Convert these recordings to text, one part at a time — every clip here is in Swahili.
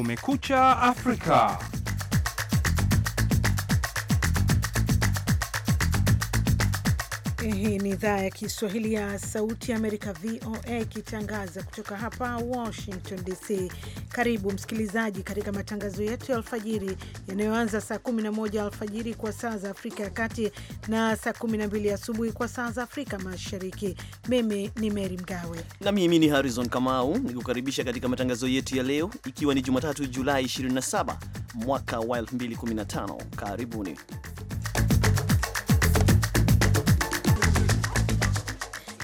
Kumekucha Afrika. Hii ni idhaa ya Kiswahili ya Sauti ya Amerika, VOA, ikitangaza kutoka hapa Washington DC. Karibu msikilizaji katika matangazo yetu ya alfajiri yanayoanza saa 11 alfajiri kwa saa za Afrika ya Kati na saa 12 asubuhi kwa saa za Afrika Mashariki. Mimi ni mery Mgawe na mimi ni Harrison Kamau nikukaribisha katika matangazo yetu ya leo, ikiwa ni Jumatatu Julai 27 mwaka wa 2015. Karibuni.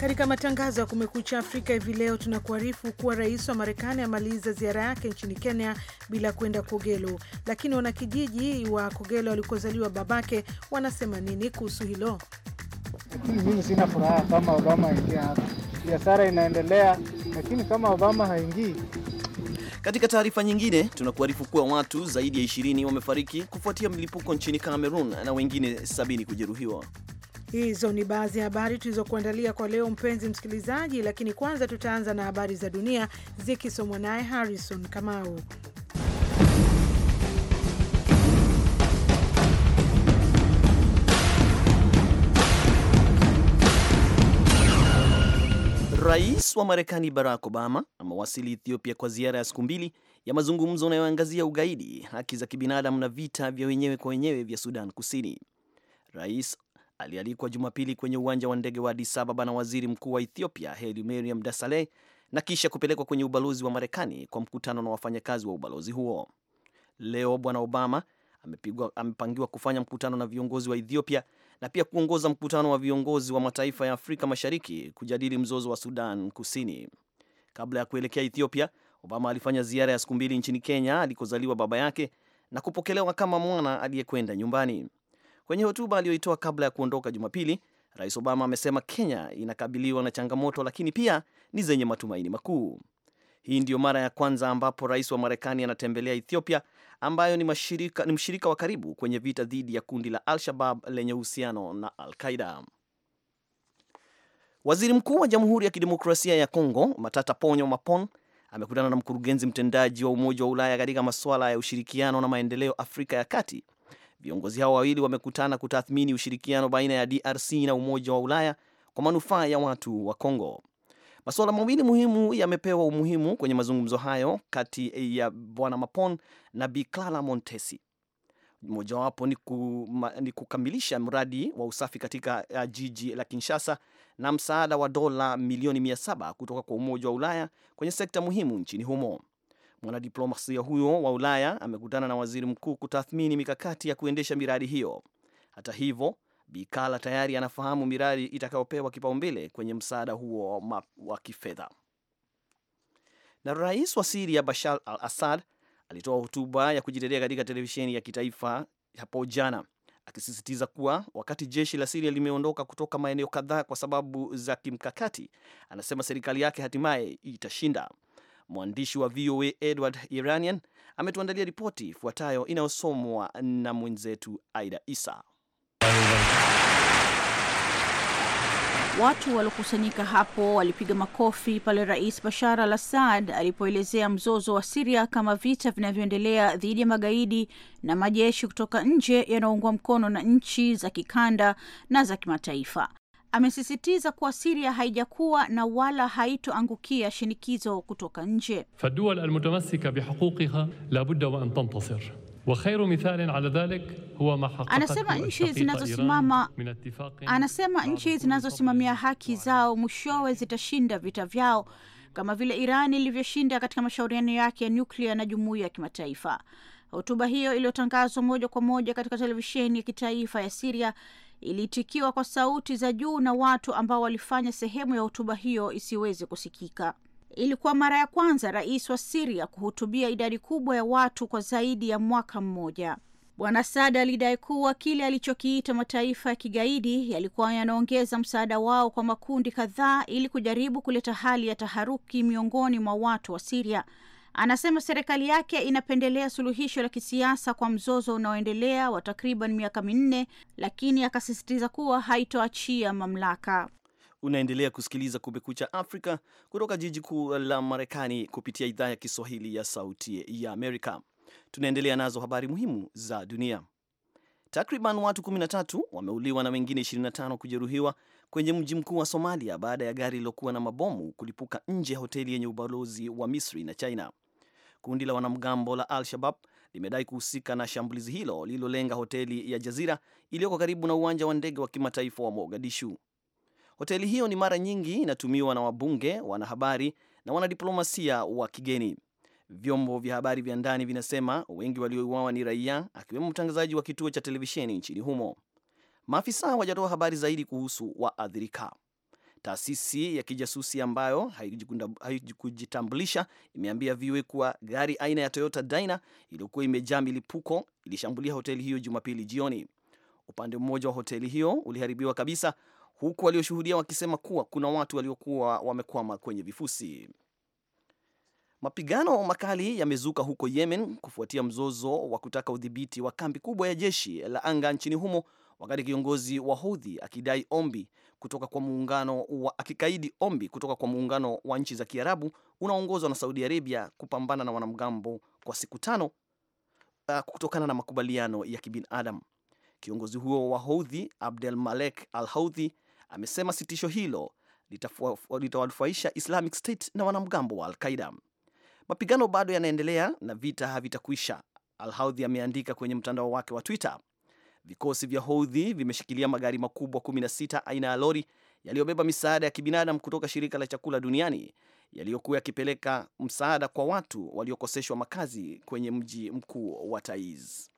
Katika matangazo ya Kumekucha Afrika hivi leo tunakuarifu kuwa rais wa Marekani amaliza ziara yake nchini Kenya bila kwenda Kogelo, lakini wanakijiji wa Kogelo walikozaliwa babake wanasema nini kuhusu hilo? Mimi sina furaha kama Obama aingia hapa, biashara inaendelea, lakini kama Obama haingii katika taarifa nyingine tunakuarifu kuwa watu zaidi ya 20 wamefariki kufuatia mlipuko nchini Cameroon na wengine 7b kujeruhiwa. Hizo ni baadhi ya habari tulizokuandalia kwa leo, mpenzi msikilizaji, lakini kwanza tutaanza na habari za dunia zikisomwa naye Harrison Kamau. Rais wa Marekani Barack Obama amewasili Ethiopia kwa ziara ya siku mbili ya mazungumzo yanayoangazia ugaidi, haki za kibinadamu na vita vya wenyewe kwa wenyewe vya Sudan Kusini. Rais alialikwa Jumapili kwenye uwanja wa ndege wa Addis Ababa na waziri mkuu wa Ethiopia Hairy Mariam Desalegn na kisha kupelekwa kwenye ubalozi wa Marekani kwa mkutano na wafanyakazi wa ubalozi huo. Leo Bwana Obama amepigwa, amepangiwa kufanya mkutano na viongozi wa Ethiopia na pia kuongoza mkutano wa viongozi wa mataifa ya Afrika Mashariki kujadili mzozo wa Sudan Kusini. Kabla ya kuelekea Ethiopia, Obama alifanya ziara ya siku mbili nchini Kenya alikozaliwa baba yake na kupokelewa kama mwana aliyekwenda nyumbani. Kwenye hotuba aliyoitoa kabla ya kuondoka Jumapili, Rais Obama amesema Kenya inakabiliwa na changamoto lakini pia ni zenye matumaini makuu. Hii ndiyo mara ya kwanza ambapo rais wa Marekani anatembelea Ethiopia ambayo ni, mashirika, ni mshirika wa karibu kwenye vita dhidi ya kundi la Al-Shabab lenye uhusiano na Al-Qaida. Waziri Mkuu wa Jamhuri ya Kidemokrasia ya Kongo Matata Ponyo Mapon amekutana na mkurugenzi mtendaji wa Umoja wa Ulaya katika masuala ya ushirikiano na maendeleo Afrika ya Kati Viongozi hao wawili wamekutana kutathmini ushirikiano baina ya DRC na Umoja wa Ulaya kwa manufaa ya watu wa Kongo. Masuala mawili muhimu yamepewa umuhimu kwenye mazungumzo hayo kati ya Bwana Mapon na Bi Clara Montesi. Mojawapo ni, ku, ni kukamilisha mradi wa usafi katika uh, jiji la Kinshasa na msaada wa dola milioni 700 kutoka kwa Umoja wa Ulaya kwenye sekta muhimu nchini humo. Mwanadiplomasia huyo wa Ulaya amekutana na waziri mkuu kutathmini mikakati ya kuendesha miradi hiyo. Hata hivyo, Bikala tayari anafahamu miradi itakayopewa kipaumbele kwenye msaada huo wa kifedha. Na rais wa Siria Bashar al Assad alitoa hotuba ya kujitetea katika televisheni ya kitaifa hapo jana akisisitiza kuwa wakati jeshi la Siria limeondoka kutoka maeneo kadhaa kwa sababu za kimkakati, anasema serikali yake hatimaye itashinda. Mwandishi wa VOA Edward Iranian ametuandalia ripoti ifuatayo inayosomwa na mwenzetu Aida Isa. Watu waliokusanyika hapo walipiga makofi pale Rais Bashar al Assad alipoelezea mzozo wa Siria kama vita vinavyoendelea dhidi ya magaidi na majeshi kutoka nje yanaoungwa mkono na nchi za kikanda na za kimataifa amesisitiza kuwa Siria haijakuwa na wala haitoangukia shinikizo kutoka nje. almutamassika bihuquqiha labudda wa an tantasir wa khairu mithalin ala dhalik huwa ma haqqaqat. Anasema nchi zinazosimama, anasema nchi zinazosimamia haki zao mwishowe zitashinda vita vyao kama vile Iran ilivyoshinda katika mashauriano yake ya nyuklia na jumuiya ya kimataifa. Hotuba hiyo iliyotangazwa moja kwa moja katika televisheni ya kitaifa ya Siria iliitikiwa kwa sauti za juu na watu ambao walifanya sehemu ya hotuba hiyo isiweze kusikika. Ilikuwa mara ya kwanza rais wa Siria kuhutubia idadi kubwa ya watu kwa zaidi ya mwaka mmoja. Bwana Sada alidai kuwa kile alichokiita mataifa ya kigaidi yalikuwa yanaongeza msaada wao kwa makundi kadhaa ili kujaribu kuleta hali ya taharuki miongoni mwa watu wa Siria Anasema serikali yake inapendelea suluhisho la kisiasa kwa mzozo unaoendelea wa takriban miaka minne, lakini akasisitiza kuwa haitoachia mamlaka. Unaendelea kusikiliza Kumekucha Afrika kutoka jiji kuu la Marekani kupitia idhaa ya Kiswahili ya Sauti ya Amerika. Tunaendelea nazo habari muhimu za dunia. Takriban watu 13 wameuliwa na wengine 25 kujeruhiwa kwenye mji mkuu wa Somalia baada ya gari lilokuwa na mabomu kulipuka nje ya hoteli yenye ubalozi wa Misri na China. Kundi la wanamgambo la Al-Shabab limedai kuhusika na shambulizi hilo lililolenga hoteli ya Jazira iliyoko karibu na uwanja wa ndege wa kimataifa wa Mogadishu. Hoteli hiyo ni mara nyingi inatumiwa na wabunge, wanahabari na wanadiplomasia wa kigeni. Vyombo vya habari vya ndani vinasema wengi waliouawa ni raia, akiwemo mtangazaji wa kituo cha televisheni nchini humo. Maafisa hawajatoa habari zaidi kuhusu waathirika. Taasisi ya kijasusi ambayo haikujitambulisha imeambia VOA kuwa gari aina ya Toyota Dyna iliyokuwa imejaa milipuko ilishambulia hoteli hiyo Jumapili jioni. Upande mmoja wa hoteli hiyo uliharibiwa kabisa, huku walioshuhudia wakisema kuwa kuna watu waliokuwa wamekwama kwenye vifusi. Mapigano makali yamezuka huko Yemen kufuatia mzozo wa kutaka udhibiti wa kambi kubwa ya jeshi la anga nchini humo, wakati kiongozi wa Houthi akidai ombi kutoka kwa muungano wa akikaidi ombi kutoka kwa muungano wa nchi za Kiarabu unaoongozwa na Saudi Arabia kupambana na wanamgambo kwa siku tano uh, kutokana na makubaliano ya kibinadamu. Kiongozi huo wa Houthi Abdel Malek Al Houthi amesema sitisho hilo litawanufaisha Islamic State na wanamgambo wa alqaida Mapigano bado yanaendelea na vita havitakwisha, Al Houthi ameandika kwenye mtandao wake wa Twitter. Vikosi vya Houthi vimeshikilia magari makubwa 16 aina ya lori yaliyobeba misaada ya kibinadamu kutoka shirika la chakula duniani yaliyokuwa yakipeleka msaada kwa watu waliokoseshwa makazi kwenye mji mkuu wa Taiz.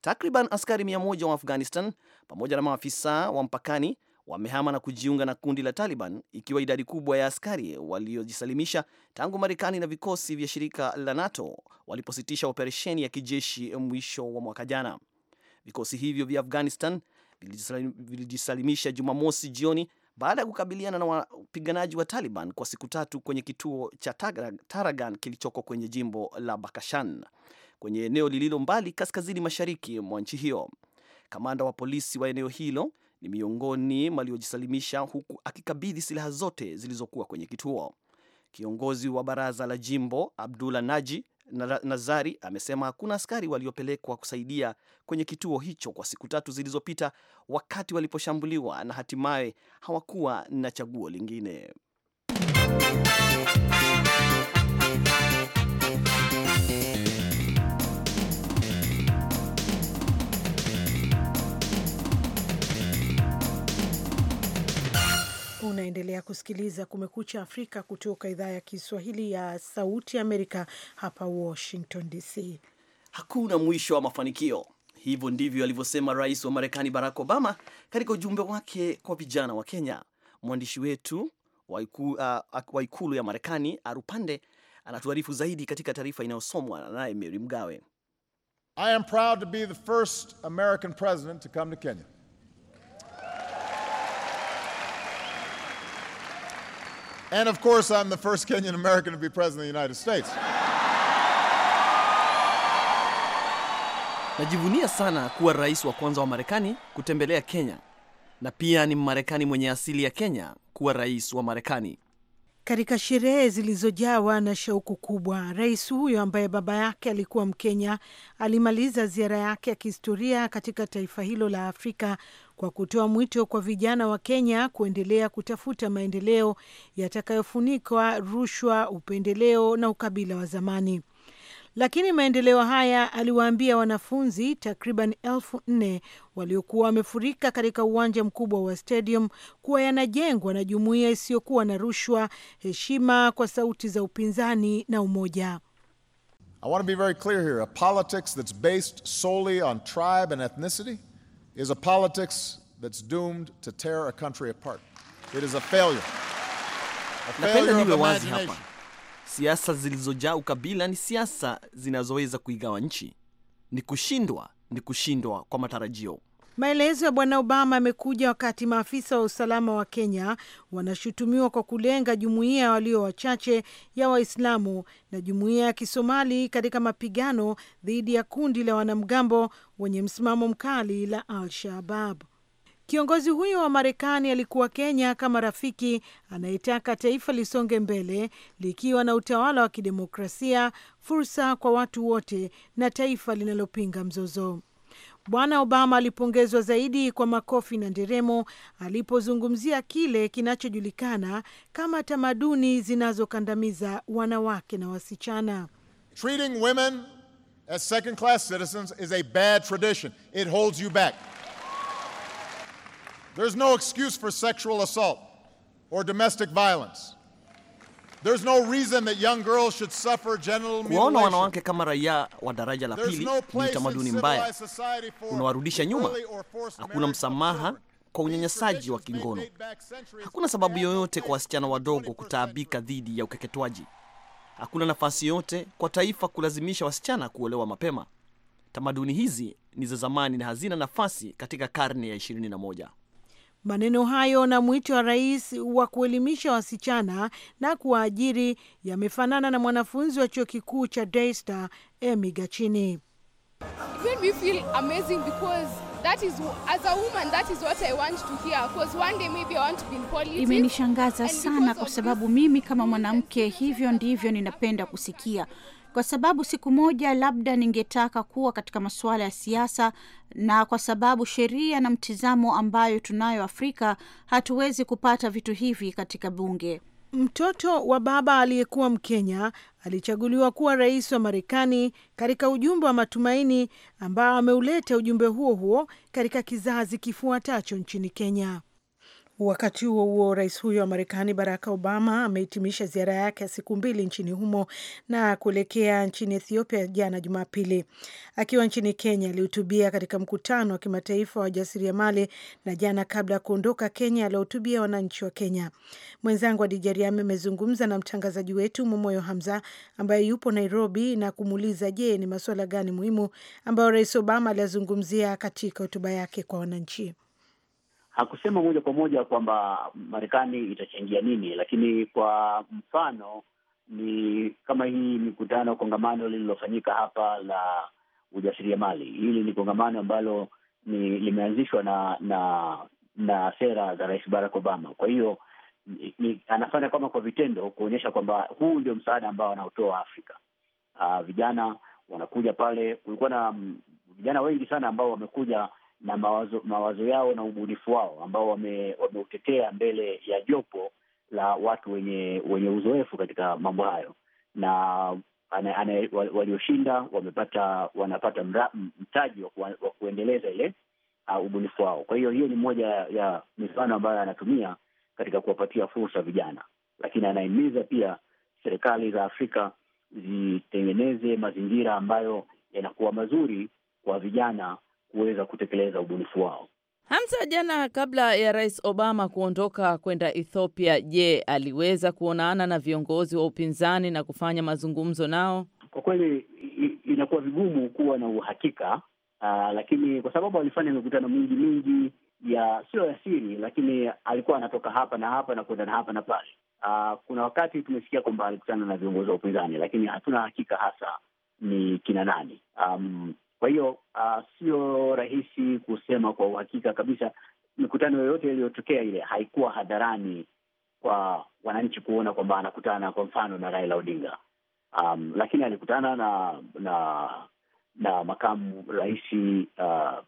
Takriban askari 100 wa Afghanistan pamoja na maafisa wa mpakani wamehama na kujiunga na kundi la Taliban, ikiwa idadi kubwa ya askari waliojisalimisha tangu Marekani na vikosi vya shirika la NATO walipositisha operesheni ya kijeshi mwisho wa mwaka jana. Vikosi hivyo vya Afghanistan vilijisalimisha Jumamosi jioni baada ya kukabiliana na wapiganaji wa Taliban kwa siku tatu kwenye kituo cha Taragan kilichoko kwenye jimbo la Bakashan kwenye eneo lililo mbali kaskazini mashariki mwa nchi hiyo. Kamanda wa polisi wa eneo hilo ni miongoni waliojisalimisha huku akikabidhi silaha zote zilizokuwa kwenye kituo. Kiongozi wa baraza la jimbo Abdullah Naji Nazari amesema hakuna askari waliopelekwa kusaidia kwenye kituo hicho kwa siku tatu zilizopita wakati waliposhambuliwa na hatimaye hawakuwa na chaguo lingine. Unaendelea kusikiliza Kumekucha Afrika kutoka idhaa ya Kiswahili ya Sauti Amerika, hapa Washington DC. Hakuna mwisho wa mafanikio. Hivyo ndivyo alivyosema rais wa Marekani Barack Obama katika ujumbe wake kwa vijana wa Kenya. Mwandishi wetu wa uh, ikulu ya Marekani Arupande anatuarifu zaidi katika taarifa inayosomwa naye meri Mgawe. I am proud to be the first American president to come to Kenya. And of course, I'm the first Kenyan American to be president of the United States. Najivunia sana kuwa rais wa kwanza wa Marekani kutembelea Kenya na pia ni Mmarekani mwenye asili ya Kenya kuwa rais wa Marekani. Katika sherehe zilizojawa na shauku kubwa, rais huyo ambaye baba yake alikuwa Mkenya alimaliza ziara yake ya kihistoria katika taifa hilo la Afrika kwa kutoa mwito kwa vijana wa Kenya kuendelea kutafuta maendeleo yatakayofunikwa rushwa, upendeleo na ukabila wa zamani. Lakini maendeleo haya, aliwaambia wanafunzi takriban elfu nne waliokuwa wamefurika katika uwanja mkubwa wa stadium kuwa yanajengwa na jumuiya isiyokuwa na rushwa, heshima kwa sauti za upinzani na umoja. I want to be very clear here. A politics that's based solely on tribe and ethnicity is a politics that's doomed to tear a country apart. It is a failure. A failure of imagination. Siasa zilizojaa ukabila ni siasa zinazoweza kuigawa nchi. Ni kushindwa, ni kushindwa kwa matarajio. Maelezo ya bwana Obama yamekuja wakati maafisa wa usalama wa Kenya wanashutumiwa kwa kulenga jumuiya walio wachache ya Waislamu na jumuiya ya Kisomali katika mapigano dhidi ya kundi la wanamgambo wenye msimamo mkali la al shabab Kiongozi huyo wa Marekani alikuwa Kenya kama rafiki anayetaka taifa lisonge mbele likiwa na utawala wa kidemokrasia, fursa kwa watu wote na taifa linalopinga mzozo. Bwana Obama alipongezwa zaidi kwa makofi na nderemo alipozungumzia kile kinachojulikana kama tamaduni zinazokandamiza wanawake na wasichana. Treating women as second class citizens is a bad tradition. It holds you back. There's no excuse for sexual assault or domestic violence. There's no reason that young girls should suffer genital mutilation. Kuwaona wanawake kama raia wa daraja la pili ni utamaduni mbaya, unawarudisha nyuma. Hakuna msamaha kwa unyanyasaji wa kingono. Hakuna sababu yoyote kwa wasichana wadogo kutaabika dhidi ya ukeketwaji. Hakuna nafasi yote kwa taifa kulazimisha wasichana kuolewa mapema. Tamaduni hizi ni za zamani na hazina nafasi katika karne ya 21. Maneno hayo na mwito wa rais wa kuelimisha wasichana na kuwaajiri yamefanana na mwanafunzi wa chuo kikuu cha Daystar Emi Gachini. Imenishangaza sana kwa sababu mimi kama mwanamke, hivyo ndivyo ninapenda kusikia kwa sababu siku moja labda ningetaka kuwa katika masuala ya siasa, na kwa sababu sheria na mtizamo ambayo tunayo Afrika hatuwezi kupata vitu hivi katika bunge. Mtoto wa baba aliyekuwa Mkenya alichaguliwa kuwa rais wa Marekani katika ujumbe wa matumaini ambao ameuleta ujumbe huo huo katika kizazi kifuatacho nchini Kenya. Wakati huo huo, rais huyo wa Marekani Barack Obama amehitimisha ziara yake ya siku mbili nchini humo na kuelekea nchini Ethiopia jana Jumapili. Akiwa nchini Kenya, alihutubia katika mkutano wa kimataifa wa wajasiriamali, na jana kabla ya kuondoka Kenya aliohutubia wananchi wa Kenya. Mwenzangu Adija Riami amezungumza na mtangazaji wetu Momoyo Hamza ambaye yupo Nairobi na kumuuliza, je, ni masuala gani muhimu ambayo rais Obama aliyazungumzia katika hotuba yake kwa wananchi? hakusema moja kwa moja kwamba Marekani itachangia nini, lakini kwa mfano ni kama hii mikutano, kongamano lililofanyika hapa la ujasiriamali. Hili ni kongamano ambalo ni limeanzishwa na na na sera za Rais Barack Obama. Kwa hiyo anafanya kama kwa vitendo kuonyesha kwamba huu ndio msaada ambao anaotoa Afrika. Aa, ah, vijana wanakuja pale, kulikuwa na mm, vijana wengi sana ambao wamekuja na mawazo, mawazo yao na ubunifu wao ambao wameutetea wame mbele ya jopo la watu wenye wenye uzoefu katika mambo hayo, na walioshinda wamepata wanapata mra, mtaji wa, wa kuendeleza ile uh, ubunifu wao. Kwa hiyo hiyo ni moja ya mifano ambayo anatumia katika kuwapatia fursa vijana, lakini anahimiza pia serikali za Afrika zitengeneze mazingira ambayo yanakuwa mazuri kwa vijana kuweza kutekeleza ubunifu wao. hamsa jana kabla ya Rais Obama kuondoka kwenda Ethiopia, je, aliweza kuonana na viongozi wa upinzani na kufanya mazungumzo nao? Kwa kweli inakuwa vigumu kuwa na uhakika uh, lakini kwa sababu alifanya mikutano mingi mingi ya sio ya siri, lakini alikuwa anatoka hapa na hapa na kwenda na hapa na pale. Uh, kuna wakati tumesikia kwamba alikutana na viongozi wa upinzani, lakini hatuna hakika hasa ni kina nani. Um, kwa hiyo uh, sio rahisi kusema kwa uhakika kabisa. Mikutano yoyote iliyotokea ile haikuwa hadharani kwa wananchi kuona kwamba anakutana kwa mfano na Raila Odinga, um, lakini alikutana na na na makamu rais uh,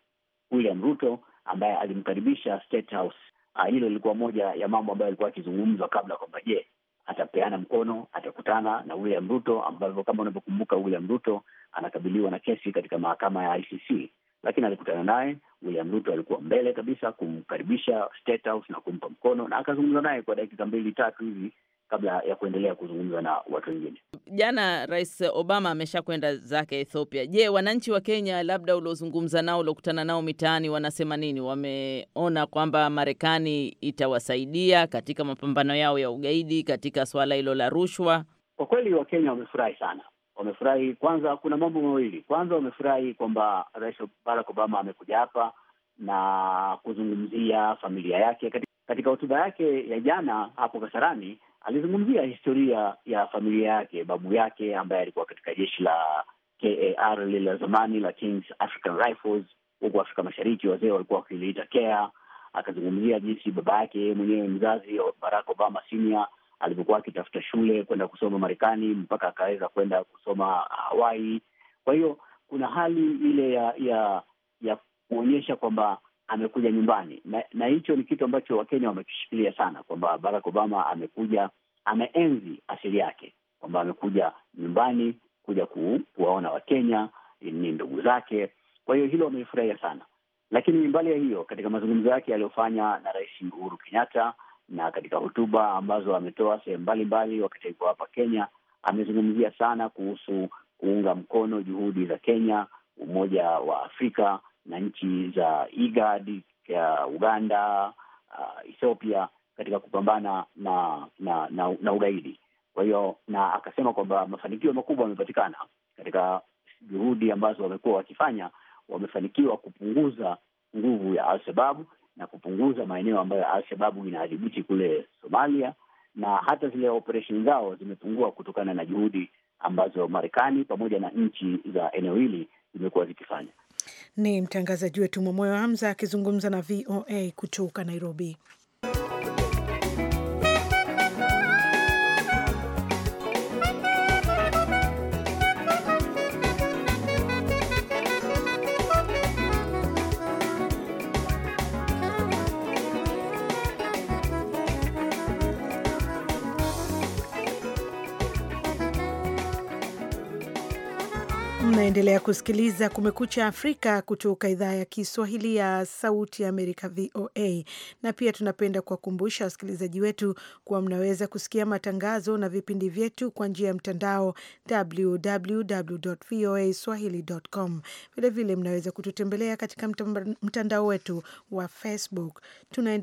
William Ruto ambaye alimkaribisha State House. Ah, hilo uh, lilikuwa moja ya mambo ambayo alikuwa akizungumzwa kabla kwamba je, atapeana mkono, atakutana na William Ruto, ambavyo kama unavyokumbuka William Ruto anakabiliwa na kesi katika mahakama ya ICC, lakini alikutana naye. William Ruto alikuwa mbele kabisa kumkaribisha State House na kumpa mkono na akazungumza naye kwa dakika mbili tatu hivi kabla ya kuendelea kuzungumza na watu wengine. Jana Rais Obama amesha kwenda zake Ethiopia. Je, wananchi wa Kenya labda uliozungumza nao, uliokutana nao mitaani, wanasema nini? Wameona kwamba Marekani itawasaidia katika mapambano yao ya ugaidi, katika suala hilo la rushwa? Kwa kweli Wakenya wamefurahi sana, wamefurahi. Kwanza kuna mambo mawili. Kwanza wamefurahi kwamba Rais Barack Obama amekuja hapa na kuzungumzia familia yake. Katika hotuba yake ya jana hapo Kasarani Alizungumzia historia ya familia yake, babu yake ambaye alikuwa katika jeshi la KAR lile la zamani la Kings African Rifles huko Afrika Mashariki, wazee walikuwa wakiliita kea Akazungumzia jinsi baba yake yeye mwenyewe mzazi Barack Obama Senior alivyokuwa akitafuta shule kwenda kusoma Marekani mpaka akaweza kwenda kusoma uh, Hawaii. Kwa hiyo kuna hali ile ya ya, ya kuonyesha kwamba amekuja nyumbani, na hicho ni kitu ambacho Wakenya wamekishikilia sana, kwamba Barack Obama amekuja, ameenzi asili yake, kwamba amekuja nyumbani kuja ku, kuwaona Wakenya ni ndugu zake. Kwa hiyo hilo wamelifurahia sana, lakini mbali ya hiyo, katika mazungumzo yake yaliyofanya na Rais Uhuru Kenyatta na katika hotuba ambazo ametoa sehemu mbalimbali wakati alikuwa hapa Kenya, amezungumzia sana kuhusu kuunga mkono juhudi za Kenya, Umoja wa Afrika na nchi za IGAD ya Uganda, uh, Ethiopia katika kupambana na na na, na ugaidi. Kwa hiyo na akasema kwamba mafanikio makubwa yamepatikana katika juhudi ambazo wamekuwa wakifanya, wamefanikiwa kupunguza nguvu ya Alshababu na kupunguza maeneo ambayo Alshababu inadhibiti kule Somalia, na hata zile operesheni zao zimepungua kutokana na juhudi ambazo Marekani pamoja na nchi za eneo hili zimekuwa zikifanya. Ni mtangazaji wetu Mwamoyo Hamza akizungumza na VOA kutoka Nairobi. Unaendelea kusikiliza Kumekucha Afrika kutoka idhaa ya Kiswahili ya Sauti ya Amerika, VOA. Na pia tunapenda kuwakumbusha wasikilizaji wetu kuwa mnaweza kusikia matangazo na vipindi vyetu kwa njia ya mtandao www voa www.voaswahili.com. Vilevile mnaweza kututembelea katika mtandao wetu wa Facebook. Tuna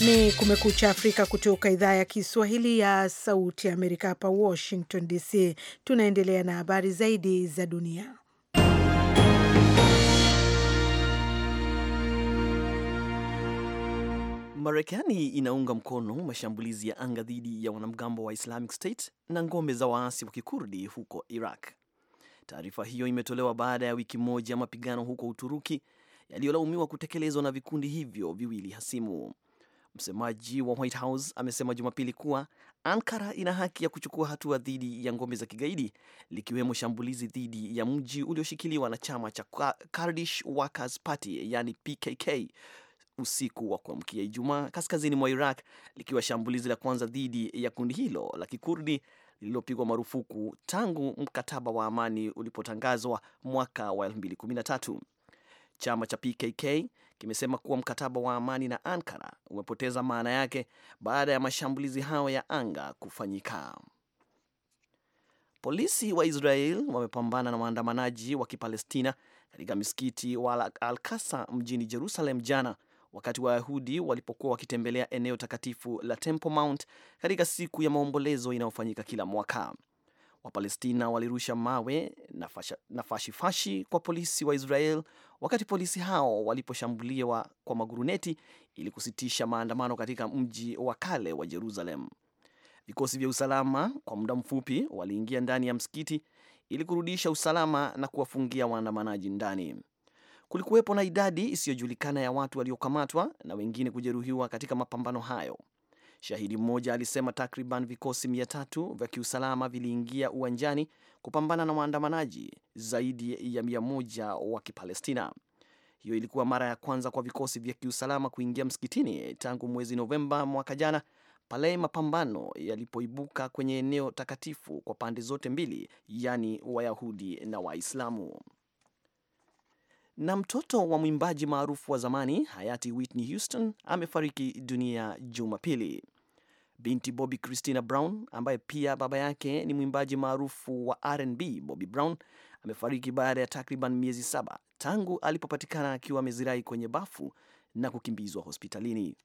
Ni Kumekucha Afrika kutoka idhaa ya Kiswahili ya Sauti ya Amerika, hapa Washington DC. Tunaendelea na habari zaidi za dunia. Marekani inaunga mkono mashambulizi ya anga dhidi ya wanamgambo wa Islamic State na ngome za waasi wa kikurdi huko Iraq. Taarifa hiyo imetolewa baada ya wiki moja mapigano huko Uturuki yaliyolaumiwa kutekelezwa na vikundi hivyo viwili hasimu. Msemaji wa White House amesema Jumapili kuwa Ankara ina haki ya kuchukua hatua dhidi ya ngome za kigaidi likiwemo shambulizi dhidi ya mji ulioshikiliwa na chama cha Kurdish Workers Party yani PKK usiku wa kuamkia Ijumaa kaskazini mwa Iraq likiwa shambulizi la kwanza dhidi ya kundi hilo la Kikurdi lililopigwa marufuku tangu mkataba wa amani ulipotangazwa mwaka wa 2013. Chama cha PKK kimesema kuwa mkataba wa amani na Ankara umepoteza maana yake baada ya mashambulizi hayo ya anga kufanyika. Polisi wa Israel wamepambana na waandamanaji wa Kipalestina katika misikiti wa Al-Aqsa mjini Jerusalem jana wakati Wayahudi walipokuwa wakitembelea eneo takatifu la Temple Mount katika siku ya maombolezo inayofanyika kila mwaka. Wapalestina walirusha mawe na, fasha, na fashifashi kwa polisi wa Israel wakati polisi hao waliposhambuliwa kwa maguruneti ili kusitisha maandamano katika mji wa kale wa Jerusalem. Vikosi vya usalama kwa muda mfupi waliingia ndani ya msikiti ili kurudisha usalama na kuwafungia waandamanaji ndani. Kulikuwepo na idadi isiyojulikana ya watu waliokamatwa na wengine kujeruhiwa katika mapambano hayo. Shahidi mmoja alisema takriban vikosi mia tatu vya kiusalama viliingia uwanjani kupambana na waandamanaji zaidi ya mia moja wa Kipalestina. Hiyo ilikuwa mara ya kwanza kwa vikosi vya kiusalama kuingia msikitini tangu mwezi Novemba mwaka jana pale mapambano yalipoibuka kwenye eneo takatifu kwa pande zote mbili, yaani Wayahudi na Waislamu. Na mtoto wa mwimbaji maarufu wa zamani hayati Whitney Houston amefariki dunia Jumapili binti Bobby Christina Brown ambaye pia baba yake ni mwimbaji maarufu wa R&B Bobby Brown amefariki baada ya takriban miezi saba tangu alipopatikana akiwa amezirai kwenye bafu na kukimbizwa hospitalini.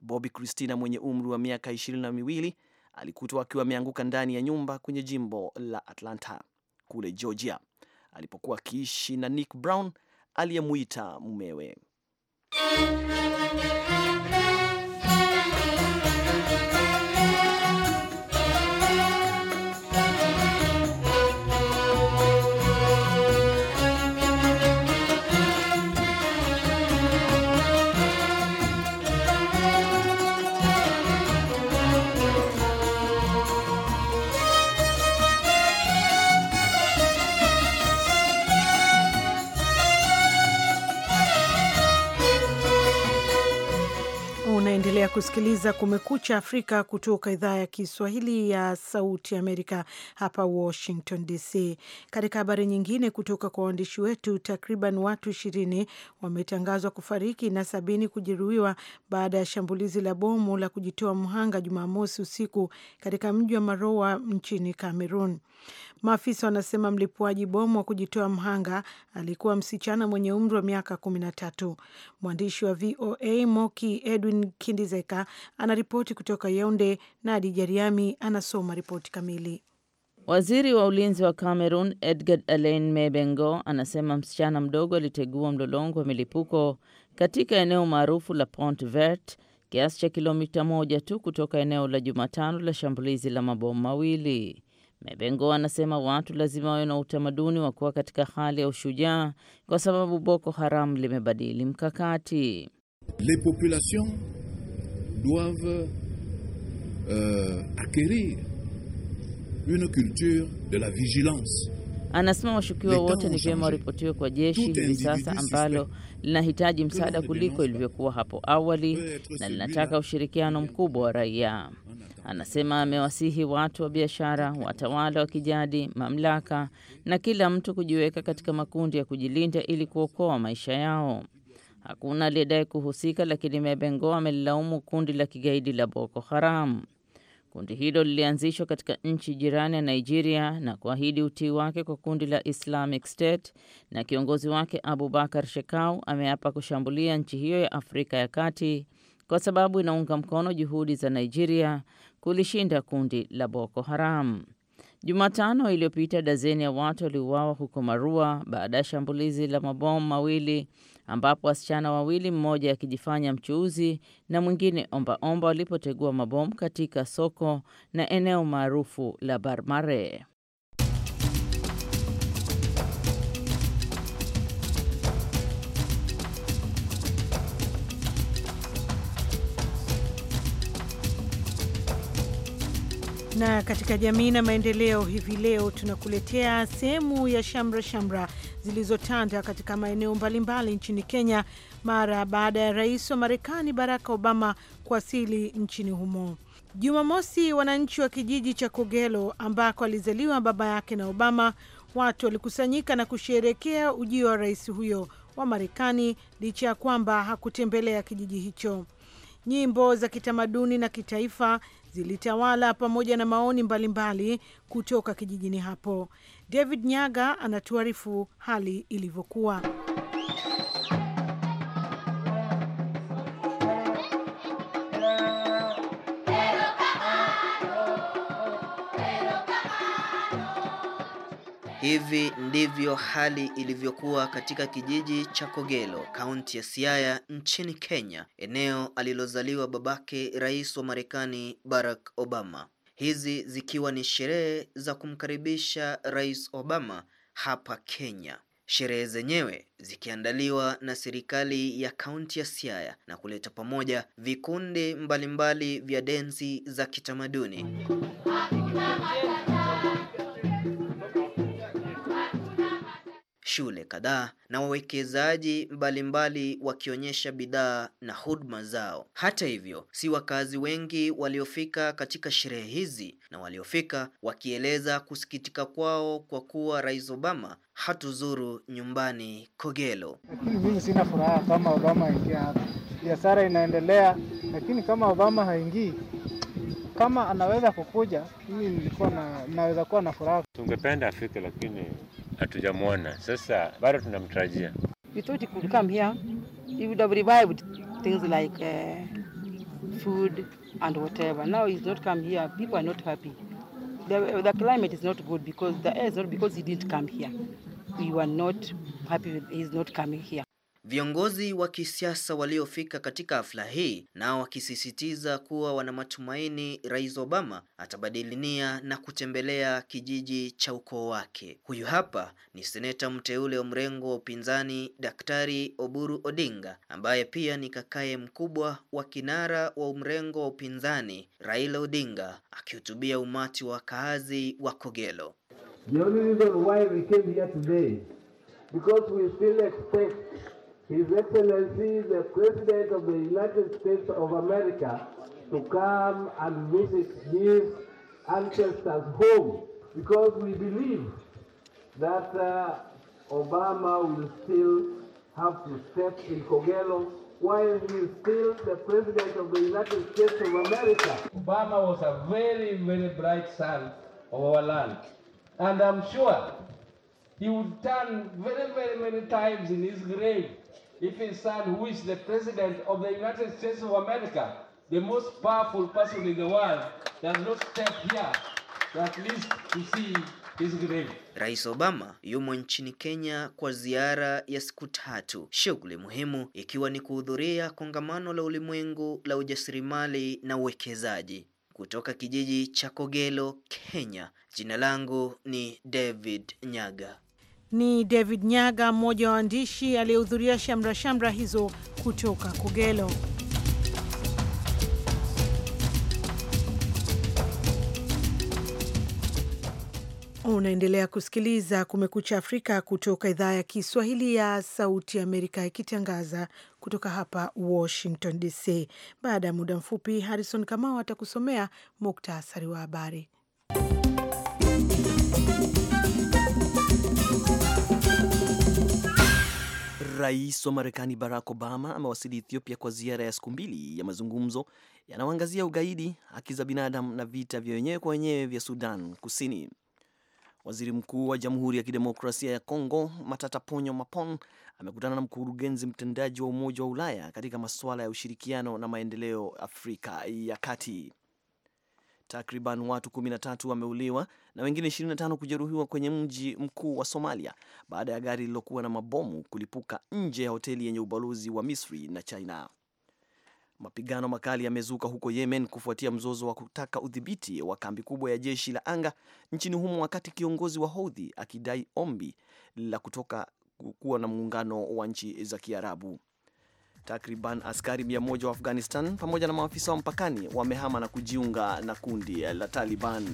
Bobby Christina mwenye umri wa miaka ishirini na miwili alikutwa akiwa ameanguka ndani ya nyumba kwenye jimbo la Atlanta kule Georgia alipokuwa akiishi na Nick Brown aliyemuita mumewe. kusikiliza Kumekucha Afrika kutoka idhaa ya Kiswahili ya Sauti Amerika hapa Washington DC. Katika habari nyingine kutoka kwa waandishi wetu, takriban watu ishirini wametangazwa kufariki na sabini kujeruhiwa baada ya shambulizi la bomu la kujitoa mhanga Jumamosi usiku katika mji wa maroa nchini Cameroon. Maafisa wanasema mlipuaji bomu wa kujitoa mhanga alikuwa msichana mwenye umri wa miaka kumi na tatu. Mwandishi wa VOA Moki Edwin Kindizeka anaripoti kutoka yeunde na Adi Jariami anasoma ripoti kamili. Waziri wa ulinzi wa Cameroon Edgar Alain Mebengo anasema msichana mdogo alitegua mlolongo wa milipuko katika eneo maarufu la Pont Vert, kiasi cha kilomita moja tu kutoka eneo la Jumatano la shambulizi la mabomu mawili mebengo anasema watu lazima wawe na utamaduni wa kuwa katika hali ya ushujaa kwa sababu Boko Haram limebadili mkakati. Les populations doivent uh, acquérir une culture de la vigilance. Anasema washukiwa wote ni vyema waripotiwe kwa jeshi hivi sasa ambalo linahitaji msaada kuliko ilivyokuwa hapo awali na linataka ushirikiano mkubwa wa raia. Anasema amewasihi watu wa biashara, watawala wa kijadi, mamlaka na kila mtu kujiweka katika makundi ya kujilinda ili kuokoa maisha yao. Hakuna aliyedai kuhusika, lakini Mebengo amelilaumu kundi la kigaidi la Boko Haram. Kundi hilo lilianzishwa katika nchi jirani ya Nigeria na kuahidi utii wake kwa kundi la Islamic State, na kiongozi wake Abubakar Shekau ameapa kushambulia nchi hiyo ya Afrika ya Kati kwa sababu inaunga mkono juhudi za Nigeria kulishinda kundi la Boko Haram. Jumatano iliyopita dazeni ya watu waliuawa huko Marua baada ya shambulizi la mabomu mawili ambapo wasichana wawili, mmoja akijifanya mchuuzi na mwingine ombaomba, walipotegua mabomu katika soko na eneo maarufu la Barmare. Na katika jamii na maendeleo hivi leo tunakuletea sehemu ya shamra shamra zilizotanda katika maeneo mbalimbali nchini Kenya mara baada ya rais wa Marekani Barack Obama kuwasili nchini humo. Jumamosi, wananchi wa kijiji cha Kogelo ambako alizaliwa baba yake na Obama, watu walikusanyika na kusherekea ujio wa rais huyo wa Marekani licha ya kwamba hakutembelea kijiji hicho. Nyimbo za kitamaduni na kitaifa zilitawala pamoja na maoni mbalimbali mbali kutoka kijijini hapo. David Nyaga anatuarifu hali ilivyokuwa. Hivi ndivyo hali ilivyokuwa katika kijiji cha Kogelo, kaunti ya Siaya nchini Kenya, eneo alilozaliwa babake Rais wa Marekani Barack Obama. Hizi zikiwa ni sherehe za kumkaribisha Rais Obama hapa Kenya. Sherehe zenyewe zikiandaliwa na serikali ya kaunti ya Siaya na kuleta pamoja vikundi mbalimbali vya densi za kitamaduni shule kadhaa na wawekezaji mbalimbali wakionyesha bidhaa na huduma zao. Hata hivyo, si wakazi wengi waliofika katika sherehe hizi na waliofika wakieleza kusikitika kwao kwa kuwa Rais Obama hatuzuru nyumbani Kogelo. Lakini mimi sina furaha kama Obama aingia hapa. Biashara inaendelea, lakini kama Obama haingii kama anaweza kukuja, mimi nilikuwa na, naweza kuwa na furaha. Tungependa afike, lakini hatujamwona. Sasa bado tunamtarajia. We thought he could come here. He would have revived things like uh, food and whatever. Now he's not come here. People are not happy. The, the climate is not good because the air is not because he didn't come here. We were not happy with he's not coming here. Viongozi wa kisiasa waliofika katika hafla hii nao wakisisitiza kuwa wana matumaini Rais Obama atabadili nia na kutembelea kijiji cha ukoo wake. Huyu hapa ni seneta mteule wa mrengo wa upinzani Daktari Oburu Odinga ambaye pia ni kakaye mkubwa wa kinara wa mrengo wa upinzani Raila Odinga akihutubia umati wa kaazi wa Kogelo. The only reason why we came here today because we still expect His Excellency, the President of the United States of America, to come and visit his ancestors' home because we believe that uh, Obama will still have to step in Kogelo while he is still the President of the United States of America. Obama was a very, very bright son of our land. And I'm sure he would turn very, very many times in his grave if his son, who is the president of the United States of America, the most powerful person in the world, does not step here at least to see his grave. Rais Obama yumo nchini Kenya kwa ziara ya siku tatu, shughuli muhimu ikiwa ni kuhudhuria kongamano la ulimwengu la ujasiriamali na uwekezaji. Kutoka kijiji cha Kogelo, Kenya, jina langu ni David Nyaga. Ni David Nyaga, mmoja wa waandishi aliyehudhuria shamra shamra hizo kutoka Kogelo. Unaendelea kusikiliza Kumekucha Afrika kutoka idhaa ya Kiswahili ya Sauti Amerika ikitangaza kutoka hapa Washington DC. Baada ya muda mfupi, Harrison Kamau atakusomea muktasari wa habari. Rais wa Marekani Barack Obama amewasili Ethiopia kwa ziara ya siku mbili ya mazungumzo yanayoangazia ugaidi, haki za binadamu na vita vya wenyewe kwa wenyewe vya Sudan Kusini. Waziri Mkuu wa Jamhuri ya Kidemokrasia ya Kongo Matata Ponyo Mapon amekutana na mkurugenzi mtendaji wa Umoja wa Ulaya katika masuala ya ushirikiano na maendeleo Afrika ya Kati. Takriban watu 13 wameuliwa na wengine 25 kujeruhiwa kwenye mji mkuu wa Somalia baada ya gari lililokuwa na mabomu kulipuka nje ya hoteli yenye ubalozi wa Misri na China. Mapigano makali yamezuka huko Yemen kufuatia mzozo wa kutaka udhibiti wa kambi kubwa ya jeshi la anga nchini humo, wakati kiongozi wa Houthi akidai ombi la kutoka kuwa na muungano wa nchi za Kiarabu. Takriban askari moja wa Afghanistan pamoja na maafisa wa mpakani wamehama na kujiunga na kundi la Taliban.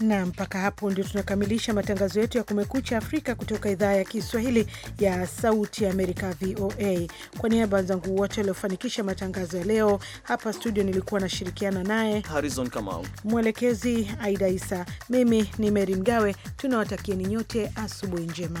Na mpaka hapo ndio tunakamilisha matangazo yetu ya Kumekucha Afrika kutoka idhaa ya Kiswahili ya Sauti ya Amerika, VOA. Kwa niaba ya wenzangu wote waliofanikisha matangazo ya leo, hapa studio nilikuwa nashirikiana naye Harrison Kamau, mwelekezi Aida Isa, mimi ni Meri Mgawe. Tunawatakieni nyote asubuhi njema.